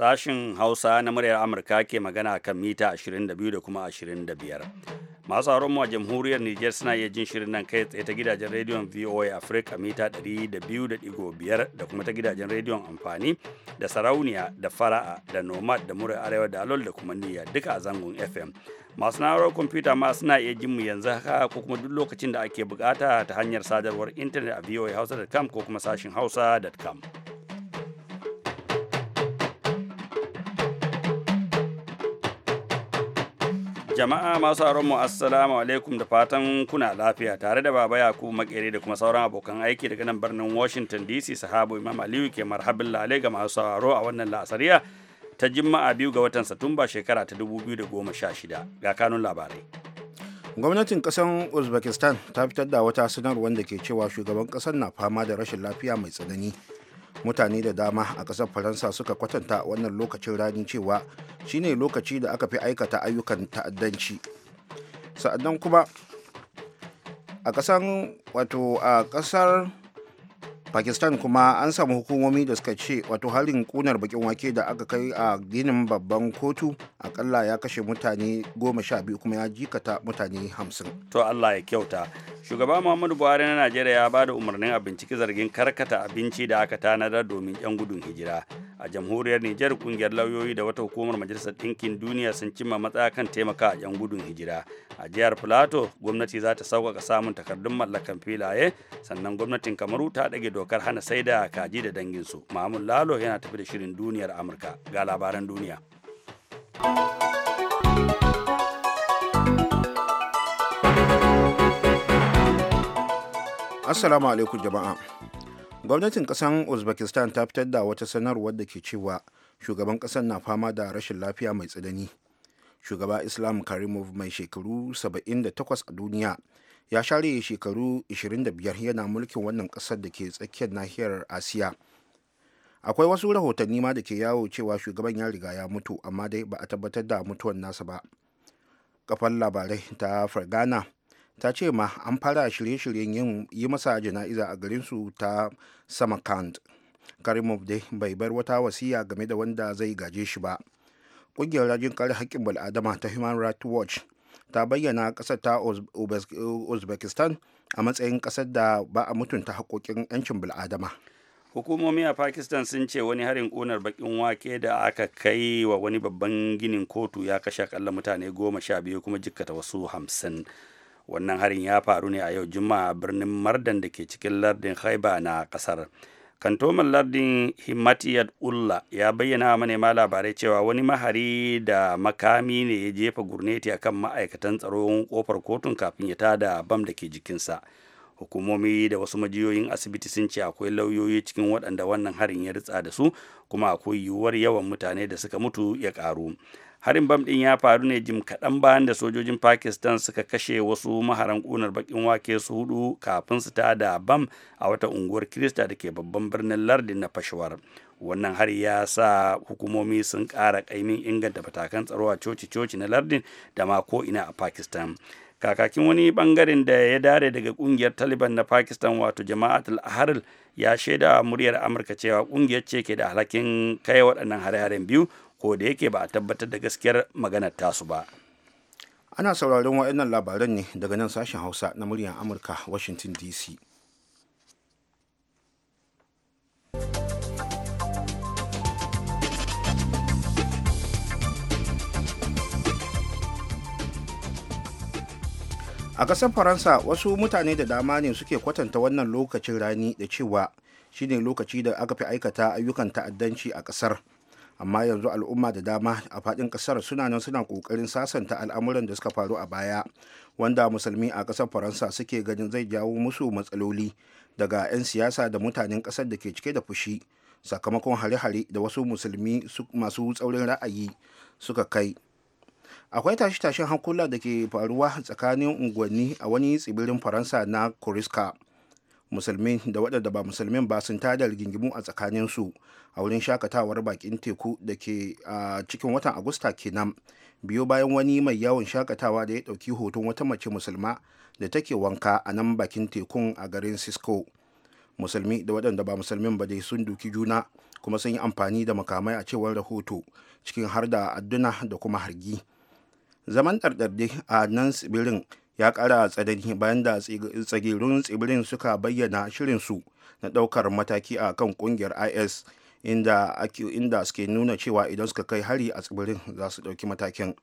Sashin Hausa na muryar Amurka ke magana kan mita 22 da kuma 25. Masu haron a jamhuriyar niger suna iya jin shirin nan kai tsaye ta gidajen rediyon VOA Africa mita 200.5 da kuma ta gidajen rediyon amfani da sarauniya da fara'a da nomad da muryar arewa da alol da kuma niyya duka a zangon FM. Masu na'urar kwamfuta ma suna iya jin mu yanzu haka ko kuma duk lokacin da ake bukata ta hanyar sadarwar intanet a voahausa.com ko kuma sashin hausa.com. Jama'a masu aron mu assalamu alaikum da fatan kuna lafiya tare da Baba Yakubu Makere da kuma sauran abokan aiki daga nan birnin Washington DC sahabo Imam Aliyu ke marhabin lale ga masu sauraro a wannan la'asariya ta Juma'a biyu ga watan Satumba shekara ta 2016 ga kanun labarai. Gwamnatin kasan Uzbekistan ta fitar da wata sanarwar da ke cewa shugaban kasar na fama da rashin lafiya mai tsanani. mutane da dama a ƙasar faransa suka kwatanta wannan lokacin rani cewa shine lokaci da aka fi aikata ayyukan ta'addanci sa'adan kuma a ƙasar a ƙasar pakistan kuma an samu hukumomi da suka ce wato halin kunar bakin wake da aka kai a ginin babban kotu akalla ya kashe mutane goma sha biyu kuma ya jikata mutane hamsin to allah ya kyauta shugaba muhammadu buhari na najeriya ya ba da umarnin a binciki zargin karkata abinci da aka tanada domin yan gudun hijira a jamhuriyar Nijar kungiyar lauyoyi da wata hukumar majalisar ɗinkin duniya sun cimma matsaya kan taimaka a 'yan gudun hijira a jihar Plateau gwamnati za ta sauƙaƙa samun takardun mallakan filaye sannan gwamnatin Kamaru ta ɗage dokar hana saida kaji da danginsu Mamun Lalo yana tafi da shirin duniyar Amurka ga labaran duniya. Assalamu alaikum jama'a. gwamnatin kasan uzbekistan ta fitar da wata sanarwar da ke cewa shugaban kasan na fama da rashin lafiya mai tsanani shugaba islam karimov mai shekaru 78 a duniya ya share shekaru 25 yana mulkin wannan kasar da ke tsakiyar nahiyar asiya akwai wasu rahotanni ma da ke yawo cewa shugaban ya riga ya mutu amma dai ba a tabbatar da mutuwan nasa ba kafan labarai ta fargana ta ce ma an fara shirye-shiryen yin yi masa jana'iza a garin su ta samarkand karimov dai bai bar wata wasiya game da wanda zai gaje shi ba ƙungiyar rajin kare haƙƙin bal'adama ta human rights watch ta bayyana ƙasar ta uzbekistan a matsayin ƙasar da ba a mutunta haƙoƙin 'yancin bal'adama. hukumomi a pakistan sun ce wani harin ƙunar bakin wake da aka kai wa wani babban ginin kotu ya kashe akalla mutane goma sha biyu kuma jikkata wasu hamsin wannan harin ya faru ne a yau juma'a birnin mardan da ke cikin lardin haiba na kasar kantoman lardin himatiyat ulla ya bayyana wa manema labarai cewa wani mahari da makami ne ya jefa gurneti a kan ma'aikatan tsaron kofar kotun kafin ya tada bam da ke jikinsa hukumomi da wasu majiyoyin asibiti sun ce akwai lauyoyi cikin waɗanda wannan harin ya ritsa da su kuma akwai yiwuwar yawan mutane da suka mutu ya ƙaru harin bam din ya faru ne jim kaɗan bayan da sojojin pakistan suka kashe wasu maharan ƙunar bakin wake su hudu kafin su ta da bam a wata unguwar kirista da ke babban birnin lardin na fashwar wannan hari ya sa hukumomi sun ƙara ƙaimin inganta matakan tsaro a coci-coci na lardin da ma ina a pakistan kakakin wani bangaren da ya dare daga kungiyar taliban na pakistan wato jama'atul aharil ya shaida muryar amurka cewa kungiyar ce ke da alhakin kai waɗannan hare-haren biyu ko da yake ba a tabbatar da gaskiyar maganar tasu ba ana sauraron waɗannan labaran ne daga nan sashen hausa na muryar amurka washington dc a ƙasar faransa wasu mutane da dama ne suke kwatanta wannan lokacin rani da cewa shine lokaci da aka fi aikata ayyukan ta'addanci a ƙasar amma yanzu al'umma da dama a faɗin ƙasar suna nan suna ƙoƙarin sasanta al'amuran da suka faru a baya wanda musulmi a ƙasar faransa suke ganin zai jawo musu matsaloli daga 'yan siyasa da mutanen ƙasar da ke cike da fushi sakamakon hare-hare da wasu musulmi masu tsaurin ra'ayi suka kai akwai tashe-tashen hankula da ke faruwa tsakanin unguwanni a wani tsibirin faransa na kuriska musulmi da waɗanda ba musulmin ba sun tada rigingimu a tsakaninsu a wurin shakatawar bakin teku da ke a cikin watan agusta kenan biyo bayan wani mai yawon shakatawa da ya ɗauki hoton wata mace musulma da take wanka a nan bakin tekun a garin cisco musulmi da waɗanda ba musulmin ba dai sun duki juna kuma sun yi amfani da makamai a cewar rahoto cikin har da adduna da kuma hargi zaman ɗarɗarɗe a nan tsibirin ya ƙara tsanani bayan da tsagirin tsibirin suka bayyana shirinsu na daukar mataki a kan kungiyar is inda, suke nuna cewa idan suka kai hari a tsibirin za su dauki matakin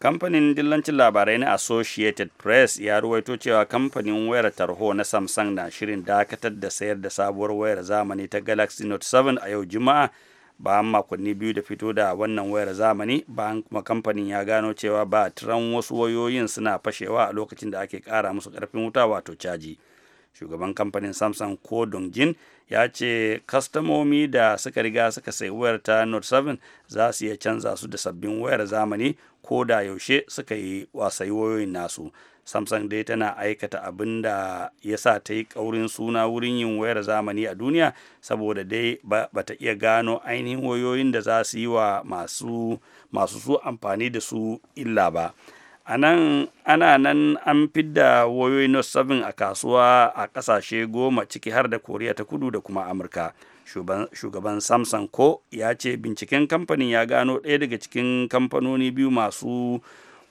kamfanin dillancin labarai na associated press ya ruwaito cewa kamfanin wayar tarho na samsung na shirin dakatar da sayar da sabuwar wayar zamani ta galaxy note 7 a yau juma'a bayan makonni biyu da fito da wannan wayar zamani bayan kuma kamfanin ya gano cewa ba tiran wasu wayoyin suna fashewa a lokacin da ake kara musu karfin wuta wato caji shugaban kamfanin samsung ko dongjin ya ce kastamomi da suka riga suka sayi wayar ta note 7 za su iya canza su da sabbin wayar zamani ko da yaushe suka yi wasai wayoyin nasu samsung dai tana aikata abin da ya sa ta yi ƙaurin suna wurin yin wayar zamani a duniya saboda dai ba ta iya gano ainihin wayoyin da za su yi wa masu su amfani da su illa ba a nan ana nan an fidda wayoyi note 7 a kasuwa a ƙasashe goma ciki har da koriya ta kudu da kuma amurka shugaban samsung ko ya ce binciken kamfanin ya gano ɗaya daga cikin kamfanoni biyu masu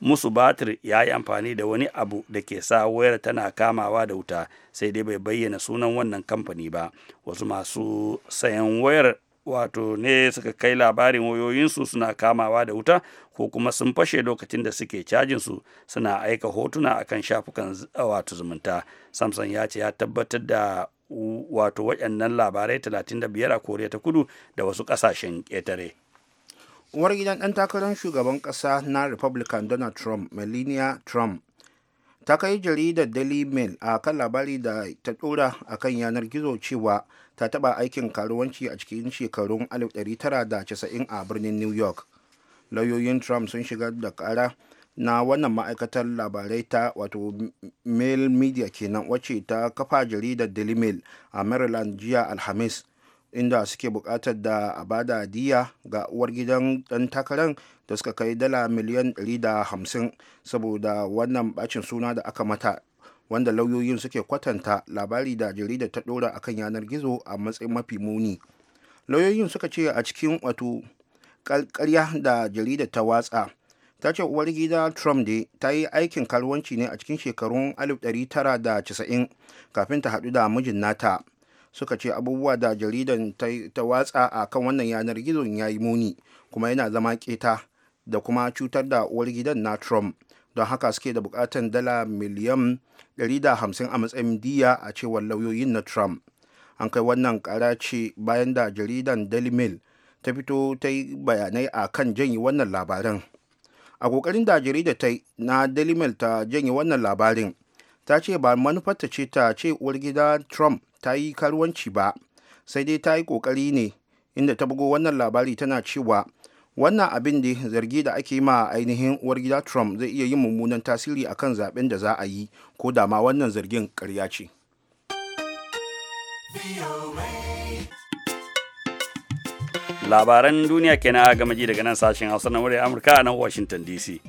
musu batir ya yi amfani da wani abu da ke sa wayar tana kamawa da wuta sai dai bai bayyana sunan wannan kamfani ba wasu masu sayan wayar wato ne suka kai labarin wayoyinsu suna kamawa da wuta ko kuma sun fashe lokacin da suke cajin su suna aika hotuna akan shafukan wato zumunta samson ya ce ya tabbatar da wato waɗannan labarai 35 a koriya ta kudu da wasu ƙasashen ƙetare uwar gidan ɗan takarar shugaban ƙasa na republican donald trump melania trump ta kai jaridar daily mail a kan labari da ta ɗora a kan yanar gizo cewa ta taɓa aikin karuwanci a cikin shekarun 1990 a birnin new york lauyoyin trump sun shigar da ƙara na wannan ma'aikatar labarai ta wato mail media kenan wacce ta kafa jaridar daily mail a maryland jiya alhamis inda suke buƙatar da a bada diya ga uwar gidan ɗan takarar da suka kai dala miliyan 150 saboda wannan bacin suna da aka mata wanda lauyoyin suke kwatanta labari da jarida ta ɗora akan yanar gizo a matsayin mafi muni lauyoyin suka ce a cikin wato karya da jarida ta watsa ta ce uwar gida trump dai ta yi aikin karuwanci ne a cikin shekarun 1990 kafin ta haɗu da mijin nata suka ce abubuwa da jaridan ta watsa a kan wannan yanar gizon ya yi muni kuma yana zama keta da kuma cutar da uwar gidan na trump don haka suke da bukatan dala miliyan 150 a matsayin diya a cewar lauyoyin na trump an kai wannan kara ce bayan da jaridan daily mail ta fito ta yi bayanai a kan janyi wannan labarin a kokarin da jarida ta yi na daily mail ta janye wannan labarin ta ce ba manufarta ce ta ce uwar gida trump ta yi karuwanci ba sai dai ta yi kokari ne inda ta bugo wannan labari tana cewa wannan abin da zargi da ake ma ainihin uwar gida trump zai iya yin mummunan tasiri a kan zaben da za a yi ko da ma wannan zargin karya ce labaran duniya kenan gama ji daga nan sashen hausa na wurin amurka a nan washington dc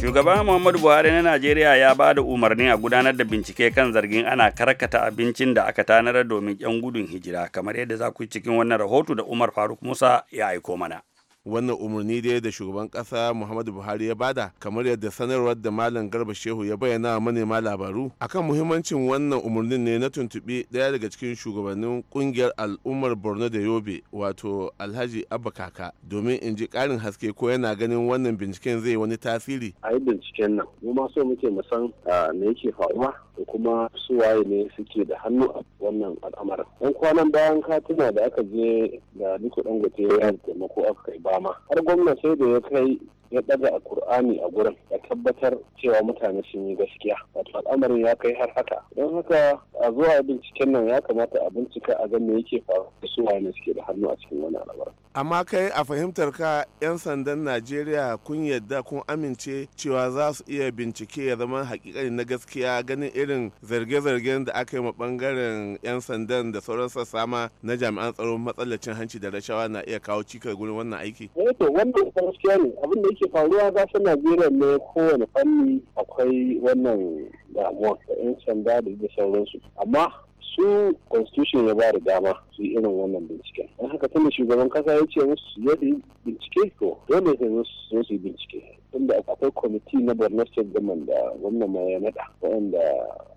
Shugaba Muhammadu Buhari na Najeriya ya ba da umarni a gudanar da bincike kan zargin ana karkata abincin da aka tanar domin 'yan gudun hijira kamar yadda za ku yi cikin wannan rahoto da Umar Faruk Musa ya aiko mana. wannan umarni dai da shugaban kasa muhammadu buhari ya bada kamar yadda sanarwar da malam garba shehu ya bayyana manema labaru akan muhimmancin wannan umarnin ne na tuntuɓi ɗaya daga cikin shugabannin ƙungiyar al'ummar borno da yobe wato alhaji abba kaka domin in ji ƙarin haske ko yana ganin wannan binciken zai wani tasiri a yi binciken nan mu ma so muke mu san ah, me yake faruwa da kuma su waye ne suke da hannu a wannan al'amarin yan kwanan bayan katina da aka je da duk dangote ya taimako aka kai bama har gwamna sai da ya kai ya ɗaga a Kur'ani a gurin ya tabbatar cewa mutane sun yi gaskiya wato al'amarin ya kai har haka don haka a zuwa binciken nan ya kamata a bincika a ga me yake faruwa da su wani suke da hannu a cikin wani al'amarin amma kai a fahimtar ka 'yan sandan najeriya kun yadda kun amince cewa za su iya bincike ya zama hakikani na gaskiya ganin irin zarge-zargen da aka yi ma bangaren 'yan sandan da sauran sassa ma na jami'an tsaro matsalacin hanci da rashawa na iya kawo cikar gurin wannan aiki. Eh wannan gaskiya ne abin da ke faruwa gasar najeriya ne kowane fanni akwai wannan damuwa da yan sanda da da sauransu amma su constitution ya ba da dama su yi irin wannan binciken don haka tana shugaban kasa ya ce musu su yi bincike to dole ne su yi bincike inda akwai kwamiti na borno state government da wannan ma ya nada waɗanda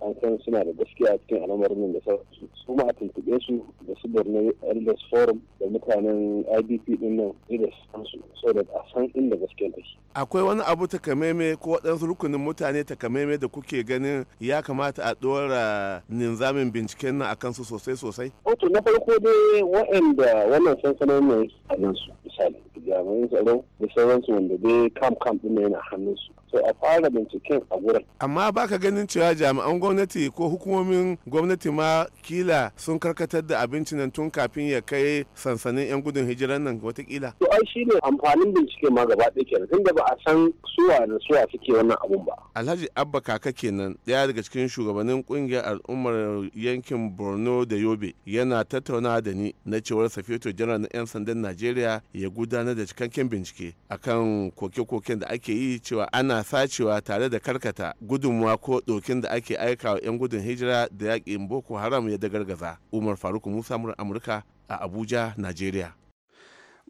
an san suna da gaskiya cikin al'amarin da sauransu su ma a tuntuɓe su da su borno elders forum da mutanen idp din nan da su saboda a san inda gaskiya shi akwai wani abu takameme ko waɗansu rukunin mutane takameme da kuke ganin ya kamata a ɗora ninzamin binciken nan akan su sosai sosai wato eh na farko dai waɗanda wannan sansanin mai a yanzu. misali jami'an tsaro da sauransu wanda dai kam kam din yana su. so a fara binciken a gurin amma baka ganin cewa jami'an gwamnati ko hukumomin gwamnati ma kila sun karkatar da abinci nan tun kafin ya kai sansanin yan gudun hijiran nan watakila to ai shine amfanin bincike ma gaba ɗaya kenan tunda ba a san suwa da suwa suke wannan abun ba alhaji abba kaka kenan ɗaya daga cikin shugabannin kungiyar al'ummar yankin borno da yobe yana tattaunawa da ni na cewar safeto janar na 'yan sandan najeriya ya gudanar da cikakken bincike akan koke-koken da ake yi cewa ana a sacewa tare da karkata gudunmuwa ko dokin da ake aika wa 'yan gudun hijira da yakin boko haram ya dagargaza umar faruk musa mura amurka a abuja nigeria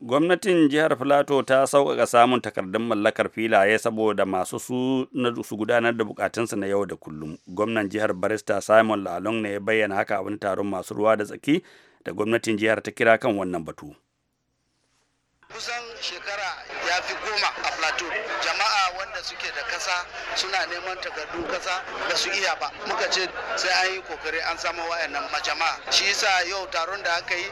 gwamnatin jihar filato ta sauƙaƙa samun takardun mallakar filaye saboda masu su su gudanar da bukatunsu na yau da kullum gwamnan jihar barista simon lalong ne ya bayyana haka a taron masu ruwa da tsaki da gwamnatin jihar ta kira kan wannan batu kusan shekara ya fi goma a plateau jama'a wanda suke da kasa suna neman takardun kasa da su iya ba muka ce sai an yi kokari an samu wayannan majama'a shi yasa yau taron da aka yi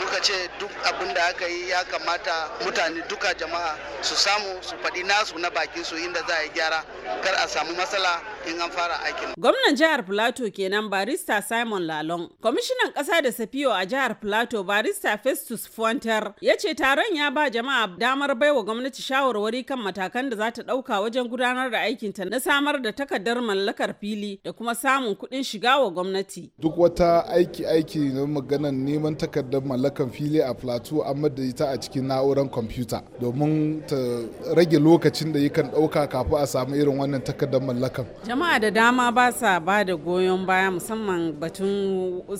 muka ce duk abin da aka yi ya kamata mutane duka jama'a su samu su faɗi nasu na bakin su inda za a yi gyara kar a samu matsala in an fara aikin. Gwamnan jihar Plateau kenan barista Simon lalon Kwamishinan kasa da Safiyo a jihar Plateau barista Festus Fuantar ya ce taron ya ba jama'a damar baiwa gwamnati gwamnati shawarwari kan matakan da za ta ɗauka wajen gudanar da aikinta na samar da takardar mallakar fili da kuma samun kuɗin shiga wa gwamnati. Duk wata aiki aiki na maganar neman takardar mallakar fili a plateau an ita a cikin na'urar kwamfuta domin ta rage lokacin da yakan ɗauka kafin a samu irin wannan takardar mallakar. Jama'a da dama ba sa ba da goyon baya musamman batun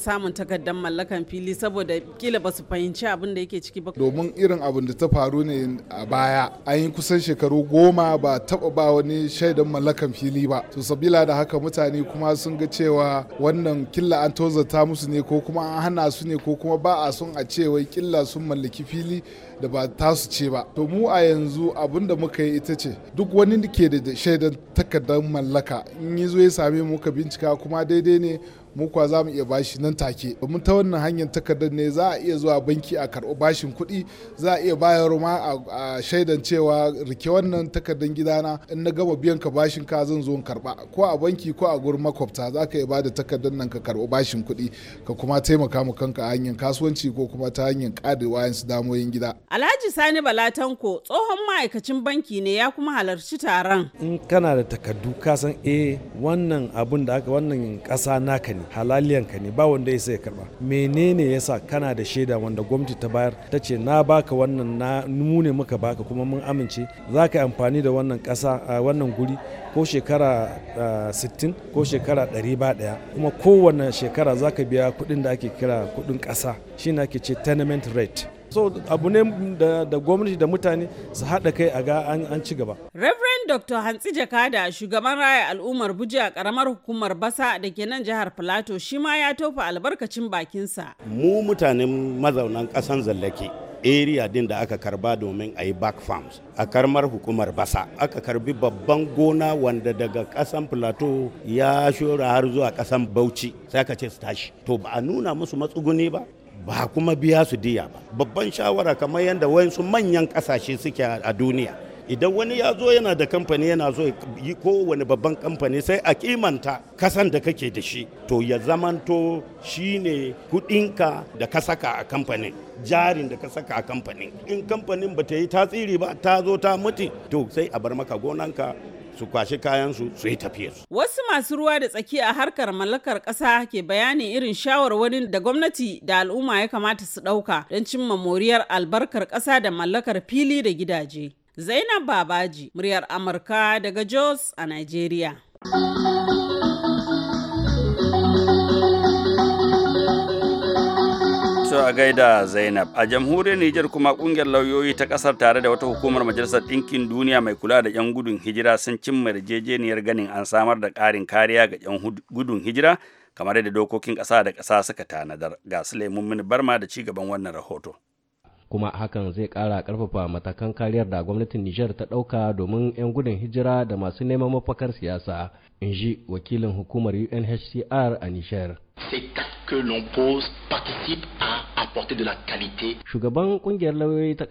samun takardar mallakar fili saboda kila ba su fahimci abin da yake ciki ba. Domin irin abin da ta faru ne a baya baya an yi kusan shekaru goma ba taba ba wani shaidan mallakan fili ba to sabila da haka mutane kuma sun ga cewa wannan killa an tozata musu ne ko kuma an hana su ne ko kuma ba a son a ce wai killa sun mallaki fili da ba ta su ce ba to mu a yanzu abin da muka yi ita ce duk wani da ke da shaidan takardar mallaka in yi zo ya same mu ka bincika kuma daidai ne mu kuwa za mu iya bashi nan take domin ta wannan hanyar takardar ne za a iya zuwa banki a karɓi bashin kuɗi za a iya bayar ma a shaidan cewa rike wannan takardar gidana in na gama biyan ka bashin ka zan zo in karɓa ko a banki ko a gurin makwabta za ka iya ba da takardar nan ka karɓi bashin kuɗi ka kuma taimaka ma kanka a hanyar kasuwanci ko kuma ta hanyar wayan su damoyin gida. Alhaji Sani Balatanko tsohon ma'aikacin banki ne ya kuma halarci taron. In kana da takardu ka san eh wannan abun da aka wannan ƙasa naka ne ne halaliyanka ne ba wanda ya sai karba menene yasa kana da shaida wanda gwamnati ta bayar ta ce na baka wannan na mu ne muka baka kuma mun amince za ka amfani da wannan ƙasa a wannan guri ko shekara 60 ah, ko shekara 100 daya kuma kowane shekara za ka biya kuɗin da ake kira kuɗin ƙasa na ake ce tenement rate so abu ne da, gwamnati da mutane su haɗa kai a ga an, ci gaba. Reverend Dr. Hantsi Jakada shugaban raya al'ummar Buji a karamar hukumar Basa da ke nan jihar plateau shi ma ya tofa albarkacin bakinsa. Mu mutanen mazaunan ƙasan zallake area din da aka karba domin a yi back farms a karmar hukumar basa aka karbi babban gona wanda daga kasan plateau ya shora har zuwa kasan bauchi sai aka ce su tashi to ba a nuna musu matsuguni ba ba kuma biya su diya ba babban shawara kamar yadda wayansu manyan kasashe suke a duniya idan wani ya zo yana da kamfani yana zo yi kowane babban kamfani sai a kimanta kasan da kake da shi to ya zamanto shi ne kudinka da ka saka a kamfanin jarin da ka saka a kamfanin in kamfanin ba ta yi tasiri ba ta zo ta mutu to sai a bar maka gonanka su kwashi kayansu su yi tafiyarsu. Wasu masu ruwa da tsaki a harkar mallakar kasa ke bayanin irin shawarwarin da gwamnati da al'umma ya kamata su ɗauka don cimma moriyar albarkar ƙasa da mallakar fili da gidaje. Zainab Babaji, muryar Amurka daga Jos a nigeria. so a gaida Zainab. A jamhuriyar Nijar kuma kungiyar lauyoyi ta kasar tare da wata hukumar Majalisar Ɗinkin Duniya mai kula da 'yan gudun hijira sun cimma yarjejeniyar ganin an samar da ƙarin kariya ga 'yan gudun hijira kamar yadda dokokin ƙasa da ƙasa suka tanadar. Ga Sulaimun Mini Barma da ci gaban wannan rahoto. kuma hakan zai ƙara ƙarfafa matakan kariyar da gwamnatin Nijar ta ɗauka domin 'yan gudun hijira da masu neman mafakar siyasa, in ji wakilin hukumar UNHCR a Nijar. apporter de la qualité. Shugaban kungiyar lauyoyi ta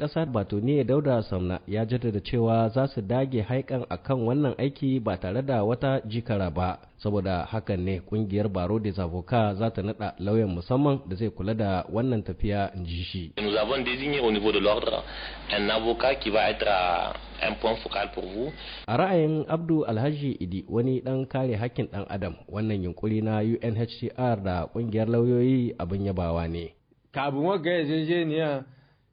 ne ya Dauda Samna ya jaddada cewa za su dage haikan akan wannan aiki ba tare da wata jikara ba. Saboda hakan ne kungiyar Baro des Avocats za ta nada lauyan musamman da zai kula da wannan tafiya in ji shi. Nous avons désigné au niveau de l'ordre un avocat qui va être un point focal pour vous. A ra'ayin Abdu Alhaji Idi wani dan kare hakkin dan Adam wannan yunkuri na UNHCR da kungiyar lauyoyi abin yabawa ne. kafin wagga yarjejeniya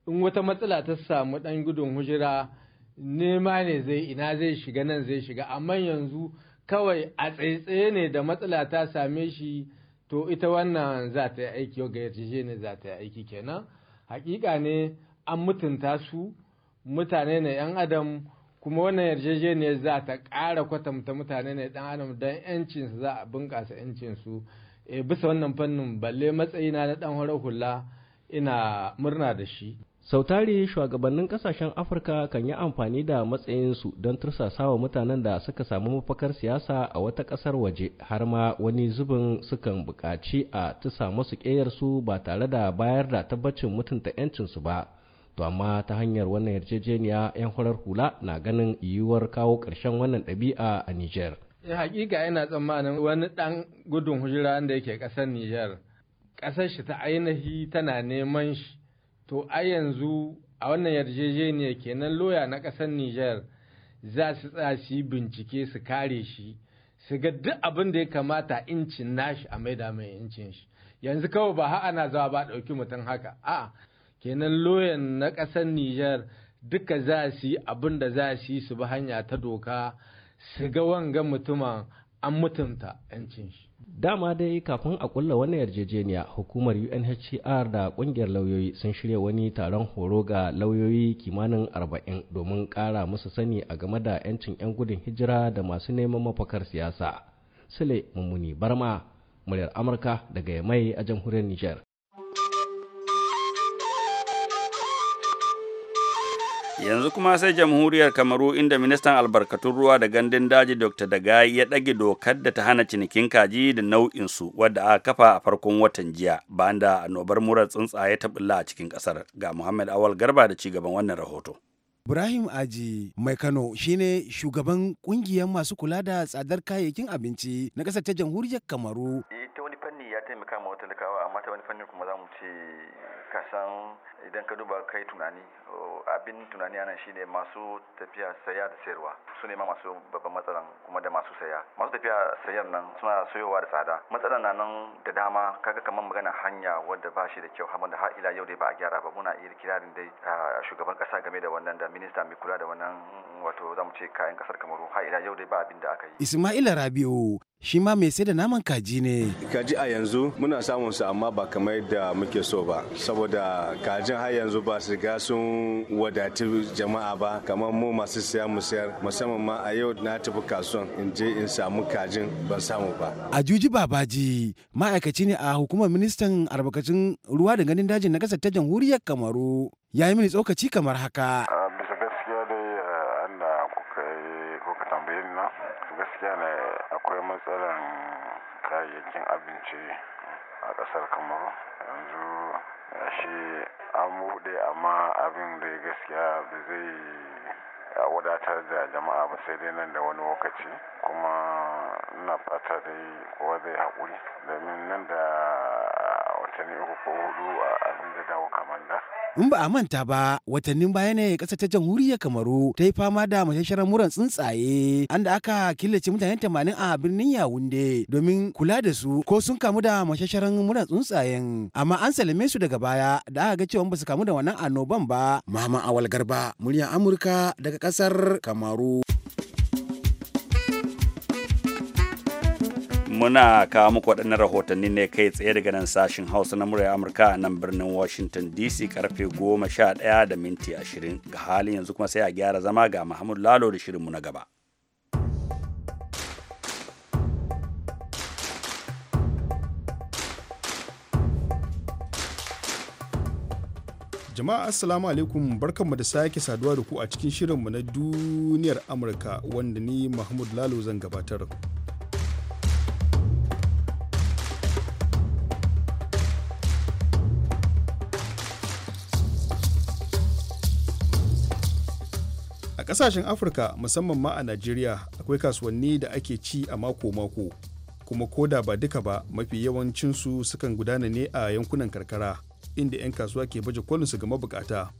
in wata matsala ta samu ɗan gudun hujira nema ne zai ina zai shiga nan zai shiga amma yanzu kawai a tsaitsaye ne da matsala ta same shi to ita wannan za ta yi aiki ga yarjejeniya za ta yi aiki kenan hakika ne an mutunta su mutane ne yan adam kuma wannan yarjejeniya za ta ƙara kwatanta mutane ne dan adam don 'yancinsu za a bunkasa yancin su. Eh, bisa wannan fannin balle matsayina na dan horar hula ina murna da shi sau sautari shugabannin kasashen afirka kan yi amfani da matsayinsu don tursasawa mutanen da suka samu mafakar siyasa a wata kasar waje har ma wani zubin sukan bukaci a tusa masu su ba tare da bayar da tabbacin mutunta 'yancinsu ba to amma ta hanyar wannan yarjejeniya 'yan horar hula na ganin yiwuwar kawo ƙarshen wannan ɗabi'a a niger Eh, hakika yana tsammanin wani ɗan gudun hujira da yake ƙasar Nijar, ƙasar shi ta ainihi tana neman shi, to a yanzu a wannan yarjejeniya kenan loya na ƙasar Nijar za su tsaya bincike su kare shi, su ga duk abin da ya kamata incin nashi a maida mai incin shi. Yanzu kawai ba ha'a na zawa ba ɗauki mutum haka, a. kenan loyan na ƙasar Nijar duka za su yi abin da za su yi su bi hanya ta doka. su ga wanga mutumin an mutunta 'yancin shi. Dama dai kafin a kulla wani yarjejeniya hukumar UNHCR da kungiyar lauyoyi sun shirya wani taron horo ga lauyoyi kimanin arba'in domin ƙara musu sani a game da 'yancin 'yan gudun hijira da masu neman mafakar siyasa. Sule Mummuni Barma, muryar Amurka daga Yamai a jamhuriyar Nijar. yanzu kuma sai jamhuriyar kamaru inda ministan albarkatun ruwa da gandun daji dr dagai ya ɗage dokar da ta hana cinikin kaji da nau'insu wadda aka kafa a farkon watan jiya bayan da annobar murar tsuntsaye ta bulla a cikin ƙasar ga muhammad awal garba da cigaban wannan rahoto Ibrahim Aji mai Kano shine shugaban kungiyar masu kula da tsadar kayayyakin abinci na ƙasar ta jamhuriyar Kamaru. Eh, ta wani fanni ya taimaka ma likawa amma ta wani fannin kuma za mu ce ka san idan ka duba kai tunani oh, abin tunani anan shine masu tafiya saya da sayarwa su ne ma masu babban matsalan kuma da masu saya masu tafiya sayar nan suna sayowa da tsada matsalan na nan da dama kaga kamar magana hanya wadda ba shi da kyau amma da har ila yau dai ba a gyara ba muna iya kirarin dai shugaban kasa game da wannan da minista mai kula da wannan wato mu ce kayan kasar kamaru har ila yau dai ba abin da aka yi ismaila rabi'u shi ma mai sai da naman kaji ne kaji a yanzu muna samun su amma ba kamar da muke so ba saboda kajin har yanzu ba su ga sun wadati jama'a ba kamar mu masu siya mu siyar musamman ma a yau na tafi kasuwan in je in samu kajin ban samu ba. A juji babaji ma'aikaci ne a hukumar ministan albarkacin ruwa da ganin dajin na kasar ta jamhuriyar Kamaru ya yi mini tsokaci kamar haka. gaskiya ne akwai matsalan kayayyakin abinci a kasar kamaru yanzu shi an buɗe amma abin da gaskiya ba zai wadatar da jama'a ba sai dai nan da wani lokaci kuma na fata dai kowa zai haƙuri domin nan da In ba a manta ba watannin baya ne ƙasar ta jamhuriyar Kamaru ta yi fama da mashasharar muran tsuntsaye an da aka killace mutane tamanin a birnin Yawunde domin kula da su ko sun kamu da mashasharar muran tsuntsayen amma an salame su daga baya da aka ga cewa ba su kamu da wannan annoban ba. Mama Awal Garba, muryar Amurka daga ƙasar Kamaru. muna kawo muku waɗannan rahotanni ne kai tsaye daga nan sashen hausa na murya amurka a nan birnin washington dc karfe 11 da minti 20 ga halin yanzu kuma sai a gyara zama ga mahmud lalo da shirinmu na gaba jama'a assalamu alaikum barkanmu da sake saduwa da ku a cikin shirin mu na duniyar amurka wanda ni mahmud lalo zan gabatar kasashen afirka musamman ma a najeriya akwai kasuwanni da ake ci a mako-mako kuma da ba duka ba mafi yawancinsu sukan gudana ne a yankunan karkara inda 'yan kasuwa ke baje su ga mabukata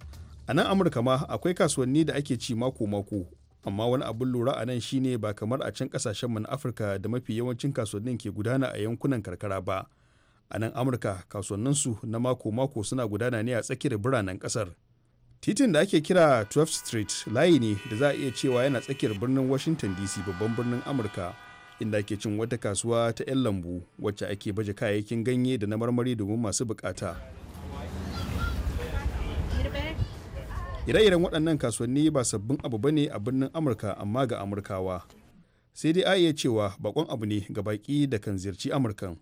a nan amurka ma akwai kasuwanni da ake ci mako-mako amma wani abun lura a nan shine ba kamar a can kasashen na afirka da mafi yawancin kasuwannin ke gudana a yankunan karkara ba a nan amurka kasuwanninsu na mako-mako suna gudana ne a tsakiyar biranen kasar titin da ake kira 12th street layi ne da za a iya cewa yana tsakiyar birnin washington dc babban birnin amurka inda ake cin wata kasuwa ta 'yan lambu wacce ake baje kayayyakin ganye da na marmari domin masu bukata ire-iren waɗannan kasuwanni ba sabbin abu ba ne a birnin amurka amma ga amurkawa sai dai a iya cewa bakon abu ne ga baki da kan ziyarci amurkan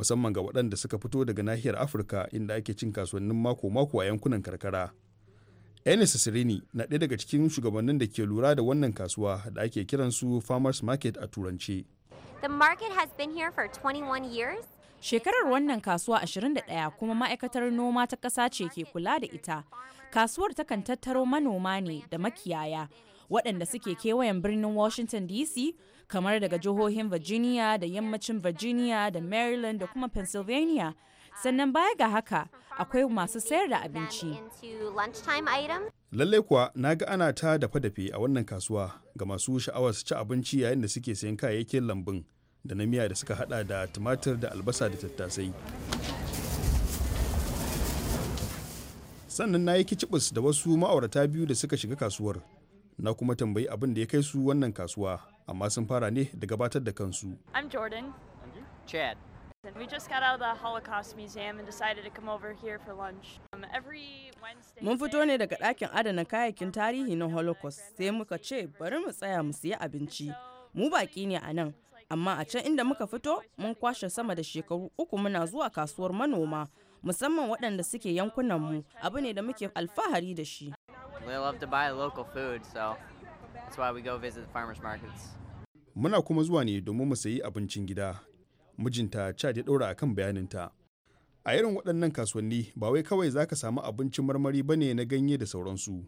musamman ga waɗanda suka fito daga nahiyar afirka inda ake cin kasuwannin mako-mako a yankunan karkara Enes Sirini na ɗaya daga cikin shugabannin da ke lura da wannan kasuwa da ake kiransu Farmers Market a Turance. The market has been here for 21 years. Shekarar wannan kasuwa 21 kuma ma'aikatar noma ta ƙasa ce ke kula da ita. Kasuwar takan tattaro manoma ne da makiyaya waɗanda suke kewayen birnin Washington DC kamar daga jihohin Virginia da yammacin Virginia da Maryland da kuma Pennsylvania sannan baya ga haka akwai masu sayar da abinci. Lallai kuwa na ga ana ta dafe-dafe a wannan kasuwa ga masu sha'awar su ci abinci yayin da suke sayan kayayyakin lambun da na miya da suka hada da tumatir da albasa da tattasai. Sannan na yi kicibis da wasu ma'aurata biyu da suka shiga kasuwar. Na kuma tambayi abin da ya kai su wannan kasuwa, amma sun fara ne da gabatar da kansu. I'm And we just got out of the Holocaust Museum and decided to come over here for lunch. Um, every Wednesday. Mun fito ne daga ɗakin adana kayakin tarihi na Holocaust sai muka ce bari mu tsaya mu siya abinci. Mu baƙi ne a nan, amma a can inda muka um, fito mun kwashe sama da shekaru uku muna zuwa kasuwar manoma musamman waɗanda suke yankunan mu abu ne da muke alfahari da shi. We love to buy visit the farmers Muna kuma zuwa ne domin mu sayi abincin gida mijinta chad ya ɗora akan bayaninta a irin waɗannan kasuwanni ba wai kawai za ka samu abincin marmari ba ne na ganye da sauransu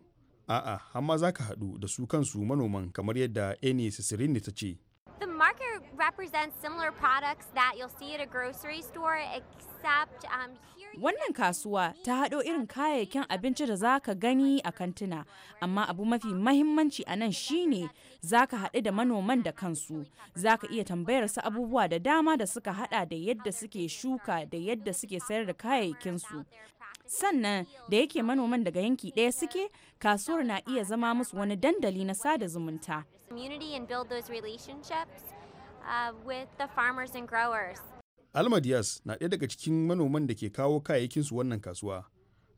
a'a amma za ka haɗu da su kansu manoman kamar yadda eni sisirini ta ce The market represents similar products that you'll see at a grocery store except um, here Wannan kasuwa ta haɗo irin kayayyakin abinci da za ka gani a kantuna, amma abu mafi mahimmanci a nan shine za ka haɗu da manoman da kansu, za ka iya tambayar su abubuwa da dama da suka haɗa da yadda suke shuka da yadda suke sayar da kayayyakinsu. sannan da yake manoman daga yanki ɗaya suke kasuwar na iya zama musu wani dandali na sada zumunta uh, Alma Diaz na ɗaya daga cikin manoman da ke kawo kayayyakin su wannan kasuwa.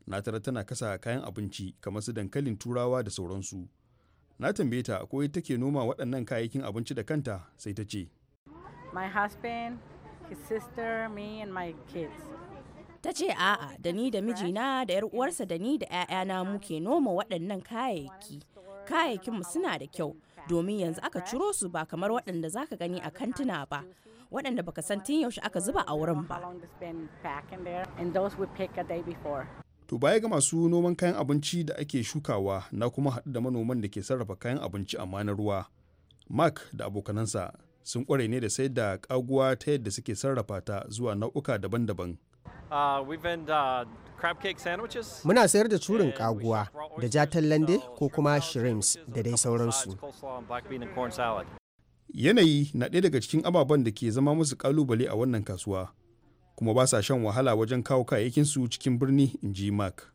Na tara tana kasa kayan abinci kamar su dankalin turawa da sauransu. Na tambaye ta ko ita take noma waɗannan kayayyakin abinci da kanta sai ta ce. My husband, his sister, me and my kids. ta ce a'a da ni da mijina da yar uwarsa da ni da 'ya'yana muke noma waɗannan kayayyaki kayayyakin mu suna da kyau domin yanzu aka ciro su ba kamar waɗanda zaka gani a kantuna ba waɗanda baka san tun yaushe aka zuba a wurin ba To baya ga masu noman kayan abinci da ake shukawa na kuma haɗu da manoman da ke sarrafa kayan abinci amma na ruwa. Mark da abokanansa sun kware ne da sai da kaguwa ta yadda suke sarrafa ta zuwa nau'uka daban-daban Uh, uh, Muna sayar da curin kaguwa da jatan lande uh, ko kuma shrimps da dai sauransu. Yanayi na ɗaya daga cikin ababen da ke zama musu ƙalubale a wannan kasuwa, kuma ba sa shan wahala wajen kawo kayayyakinsu cikin birni, in ji Mark.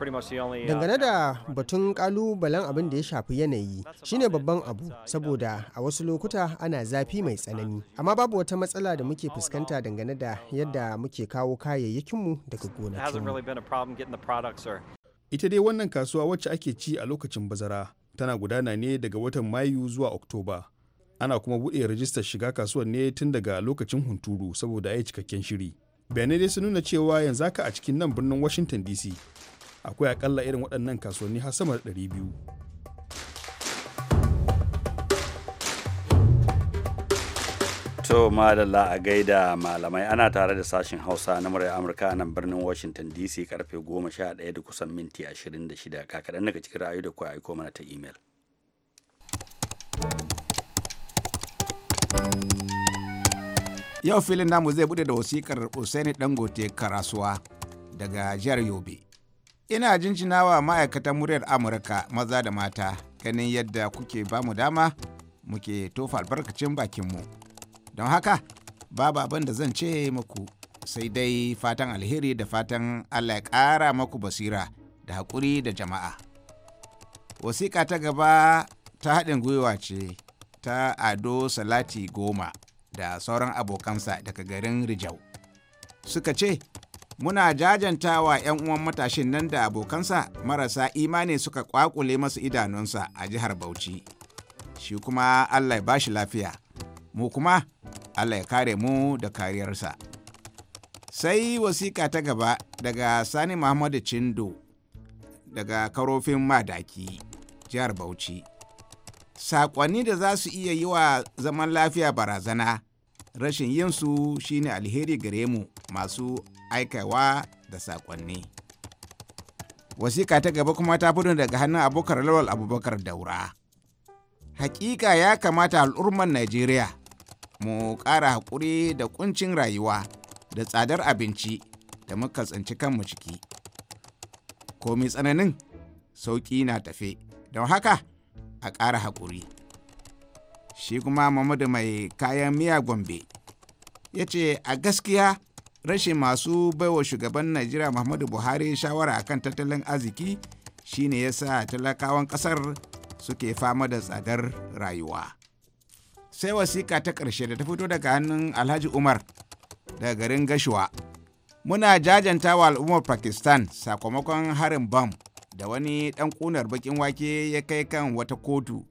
Uh, dangane da batun kalubalen abin da ya shafi yanayi shine babban abu saboda a wasu lokuta ana zafi mai tsanani. Amma babu wata matsala da muke fuskanta dangane da yadda muke kawo kayayyakinmu daga gonakinmu. Ita dai wannan kasuwa wacce ake ci a lokacin bazara tana gudana ne daga watan Mayu zuwa Oktoba. Ana kuma buɗe rajistar shiga kasuwar ne tun daga lokacin hunturu saboda ya cikakken shiri. bayanai dai sun nuna cewa yanzu haka a cikin nan birnin washington dc akwai akalla irin waɗannan kasuwanni har sama da 200 to madalla a gaida malamai ana tare da sashen hausa na murar amurka a nan birnin washington dc karfe 11 da kusan minti 26 kakaɗan daga cikin ra'ayi da kuwa aiko mana ta imel yau filin namu zai buɗe da wasikar usaini dangote karasuwa daga jihar yobe ina jinjinawa ma'aikatan muryar amurka maza da mata ganin yadda kuke ba mu dama muke tofa albarkacin bakinmu don haka babu abin da zan ce muku sai dai fatan alheri da fatan allah ya ƙara maku basira da haƙuri da jama'a wasiƙa ta gaba ta haɗin gwiwa ce ta ado salati goma da sauran abokansa daga garin rijau suka ce muna jajantawa 'yan uwan matashin nan da abokansa marasa imani suka kwakule masu idanunsa a jihar Bauchi. Shi kuma Allah ya ba shi lafiya, mu kuma Allah ya kare mu da kariyarsa. Sai wasiƙa ta gaba daga Sani Muhammadu Chindo daga karofin madaki jihar Bauchi. Saƙonni da za su iya yi wa zaman lafiya barazana, rashin yinsu shine alheri gare mu masu aikawa da saƙonni. Wasiƙa ta gaba kuma ta fito daga hannun abokar lawal abubakar daura. Hakika ya kamata al'ummar Najeriya mu ƙara haƙuri da ƙuncin rayuwa da tsadar abinci da muka tsinci kanmu ciki. Komi tsananin sauƙi na tafe, don haka a ƙara haƙuri. Shi kuma Mamadu mai kayan miya Gombe ya ce a gaskiya rashin masu baiwa shugaban najeriya muhammadu buhari shawara akan tattalin arziki shine ya sa talakawan kasar suke fama da tsadar rayuwa sai wasiƙa ta ƙarshe da ta fito daga hannun alhaji umar daga garin gashuwa muna jajanta wa al'ummar pakistan sakamakon harin bam da wani ɗan ƙunar baƙin wake ya kai kan wata kotu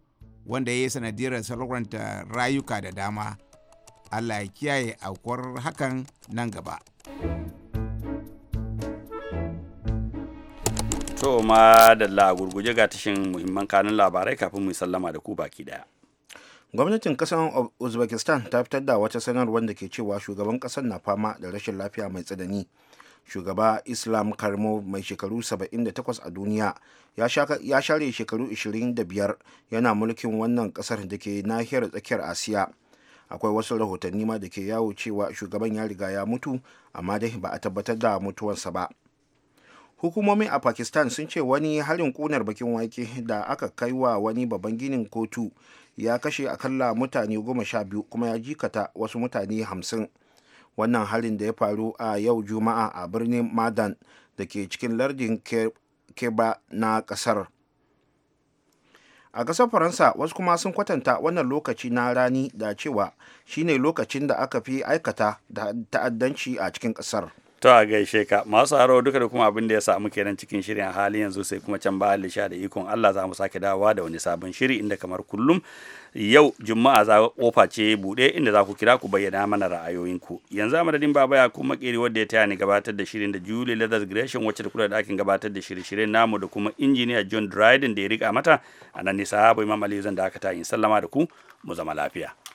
wanda ya yi sanadiyar salwanta rayuka da dama Allah ya kiyaye aukuwar hakan nan gaba. To ma da la gurguje ga tashin muhimman kanun labarai kafin mu sallama da ku baki daya. Gwamnatin kasar Uzbekistan ta fitar da wata sanarwar da ke cewa shugaban kasar na fama da rashin lafiya mai tsanani. Shugaba Islam Karmo mai shekaru 78 a duniya ya share shekaru 25 yana mulkin wannan kasar da ke nahiyar tsakiyar Asiya. akwai wasu rahotanni ma da ke yawo cewa shugaban ya riga ya mutu amma dai ba a tabbatar da mutuwarsa ba hukumomi a pakistan sun ce wani harin kunar bakin wake da aka kai wa wani babban ginin kotu ya kashe akalla mutane goma sha biyu kuma ya jikata wasu mutane hamsin wannan harin da ya faru a yau juma'a a birnin madan da ke cikin lardin keba na kasar a ƙasar faransa wasu kuma sun kwatanta wannan lokaci na rani da cewa shine lokacin da aka fi aikata da ta'addanci a cikin ƙasar. To a gaishe ka masu haro duka da kuma abin da ya samu kenan cikin shirin a halin yanzu sai kuma can ba lisha da ikon Allah za mu sake dawowa da wani sabon shiri inda kamar kullum yau juma'a za kofa ce bude inda za ku kira ku bayyana mana ra'ayoyinku yanzu a madadin baba ya kuma makeri wanda ya taya ni gabatar da shirin da Julie Leather Gresham wacce da kula da ɗakin gabatar da shirye-shiryen namu da kuma injiniya John Dryden da ya rika mata a nan nisa sahabo Imam Ali zan da aka ta yin sallama da ku mu zama lafiya.